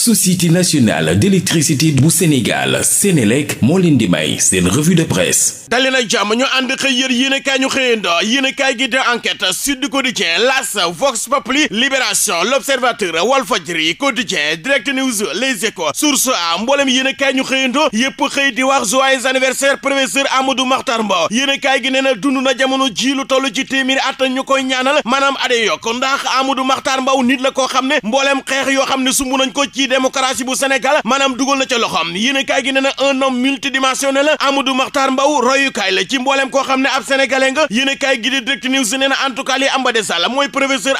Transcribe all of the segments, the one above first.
société nationale d'électricité bu Sénégal Sénélec moo leen di may seen revue de presse dali na jàmm ñu ànd xëy yër yéenekaay ñu xëyando yéenekaay gi di enquête Sud Quotidien L'As Vox Populi Libération L'Observateur Walfadjri Quotidien Direct News Les Échos Source A mboolem yéenekaay ñu xëyando yépp xëy di wax joyeux anniversaire professeur Amadou Makhtar Mbow yéenekaay gi nee na dund na jamono ji lu toll ji téeméeri at ñu koy ñaanal maanaam ade yokk ndax Amadou Makhtar Mbow nit la koo xam ne mboolem xeex yoo xam ne sumb nañ ko ci démocratie bu Sénégal maanaam dugal na ca loxoom yéenekaay gi nee na un homme multidimensionnel Amadou Makhtar Mbow royukaay la ci mbooleem koo xam ne ab sénégalais nga yéenekaay gi di Direct News nee na en tout cas li am ba des la mooy professeur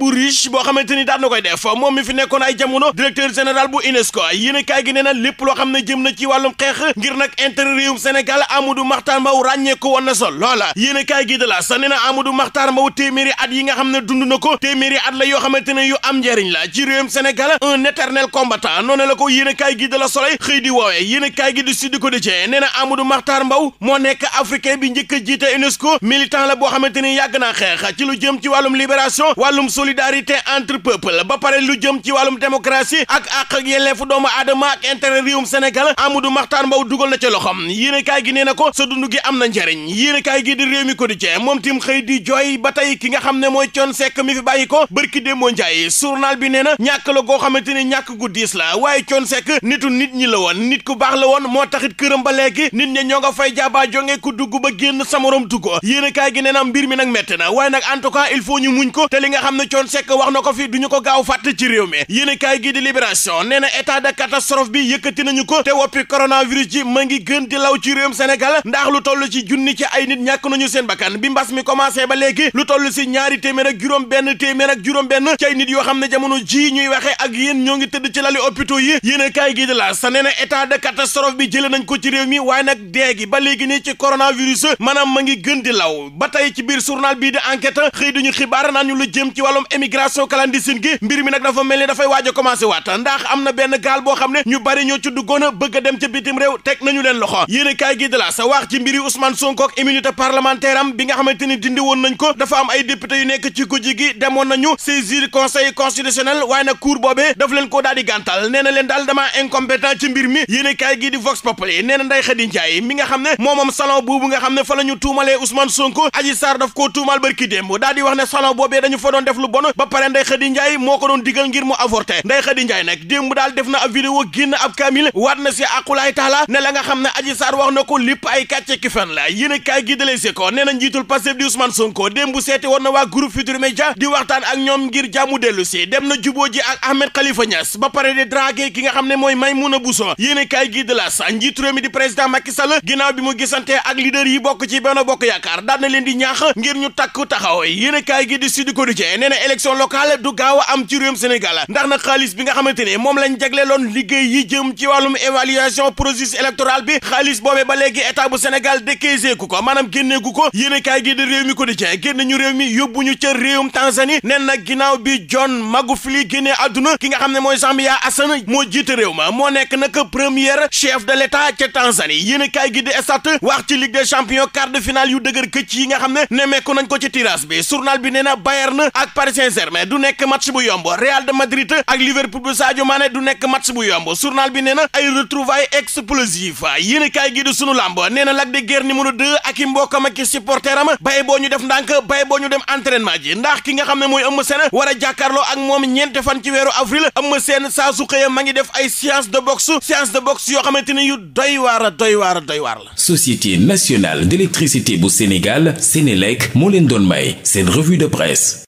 bu riche boo xamante ni daan na koy def moom mi fi nekkoon ay jamono na lépp loo xam ne jëm na ci wàllum xeex ngir nag intérêt réewum Sénégal Amadou Makhtar Mbow woon na sol loola yéenekaay gi de la sa nee na Amadou Makhtar Mbow téeméeri at yi na ko téeméeri at la yoo xamante ne yu am njëriñ la ci Sall un éternel combattant noonu la ko yéenekaay gi de la Soleil xëy di woowee yéenekaay gi di Sud Quotidien nee na Amadou Mahtar Mbow moo nekk africain bi njëkk a jiite UNESCO militant la boo xamante ni yàgg naa xeex ci lu jëm ci wàllum libération wàllum solidarité entre peuple ba pare lu jëm ci wàllum démocratie ak àq ak doomu aadama ak intérêt réewum senegal Amadou Mahtar mbaw dugal na ca loxom yéenekaay gi nee na ko sa dund gi am na njariñ yéenekaay gi di réew mi Quotidien moom tim xëy di jooy ba tey ki nga xam ne mooy Thione Seck mi fi bàyyi ko bërki démboo Njaay journal bi nee na ñàkk la koo xamante ni ñàkk gu la waaye Thione Seck nitu nit ñi la woon nit ku baax la woon moo taxit këram ba léegi nit ñi ñoo nga fay jaabaa jonge ku dugg ba génn sa morom dugg yéen a na mbir mi nag métti na waaye nag en tout cas il faut ñu muñ ko te li nga xam ne Thione Seck wax na ko fi du ñu ko gaaw fàtte ci réew mi yéen a kaay gi di libération nee na état de catastrophe bi yëkkati nañu ko te woppi coronavirus ji ma ngi gën di law ci réewum Sénégal ndax lu toll ci junni ci ay nit ñàkk nañu seen bakkan bi mbas mi commencé ba léegi lu toll si ñaari téeméer ak juróom benn téeméer ak juróom benn ci ay nit yoo xam ne jamono ji ñuy waxe ak yéen ñoo ngi tëdd ci lali hôpitaux yi yéen a kaay gi di la sa nee na état de bi jëlee ko ci réew mi waaye nag dee ba léegi nii ci coronavirus maanaam ma ngi gën di law ba tey ci biir journal bii di enquête xëy duñu xibaar naan ñu lu jëm ci wàllum émigration clandestine gi mbir mi nag dafa mel ni dafay waaj a commencé ndax am na benn gaal boo xam ne ñu bari ñoo ci duggoon bëgg a dem ca bitim réew teg nañu leen loxo yéen a kaay gi di la sa wax ci ni dindi woon nañ ko dafa am ay député yu nekk ci guddi gi demoon nañu saisir conseil constitutionnel waaye boobee daf leen koo daal di gàntal nee na leen daal damaa incompétent ci mbir mi yéen a kaay Vox Populi nee na Ndeye mi nga xam ne moomoom salon boobu nga xam ne fa la ñu tuumalee Ousmane Sonko Adji Sarr daf koo tuumal barki démb daal di wax ne salon boobee dañu fa doon def lu bon ba pare Ndeye Khady moo ko doon digal ngir mu avorté Ndeye Khady Ndiaye nag démb daal def na ab vidéo génn ab kaamil waat na si aqulaay taala ne la nga xam ne Adji Sarr wa na ko lépp a kaay gii na njiitul Pastef di Ousmane Sonko démb seeti woon na waa groupe Futurs Médias di waxtaan ak ñoom ngir dem na juboo ji ak Ahmed Khalifa Niass di draguer ki nga xam ne mooy Maimouna Bousso yéene kaay gi de la sa njiitu réew mi di président Macky Sall ginnaaw bi mu gisantee ak leader bokk ci Bokk Yaakaar daan na leen di ñaax ngir ñu takk taxaw yéene kaay gi di Sud Quotidien nee na élection locale du gaaw a am ci réewum Sénégal ndax na xaalis bi nga xamante ne moom lañ jagleeloon liggéey yi jëm ci wàllum évaluation processus électoral bi xaalis boobee ba léegi état bu Sénégal décaisseeku ko ko yéene kaay gi di réew mi Quotidien génn ñu réew mi yóbbu ñu ca réewum Tanzanie ki nga xam ne mooy Samia Assane moo jiite réew ma moo nekk nag première chef de l' état ca Tanzanie yéen a kaay wax ci Ligue des champions quart de finale yu dëgër këcc yi nga xam ne nemmeeku nañ ko ci tirage bi journal bi ne na Bayern ak Paris saint du nekk match bu yomb Real de Madrid ak Liverpool bu Sadio du nekk match bu yomb journal bi nee na ay retrouvailles explosif yéen a kaay gi sunu làmb nee na Lac de Guiers numéro 2 ak i mbokkam ak i supporteram ñu def ndànk bay boo ñu nga xam ne mooy Eumeu a jàkkaarloo ak moom ñeente fan ci weeru avril Eumeu Sène saa su xëyee ma ngi def ay séance de boxe séance de boxe yoo xamante ni yu doy waar a doy waar a doy waar la Société nationale d'électricité bu Sénégal Sénélec moo leen doon may seen revue de presse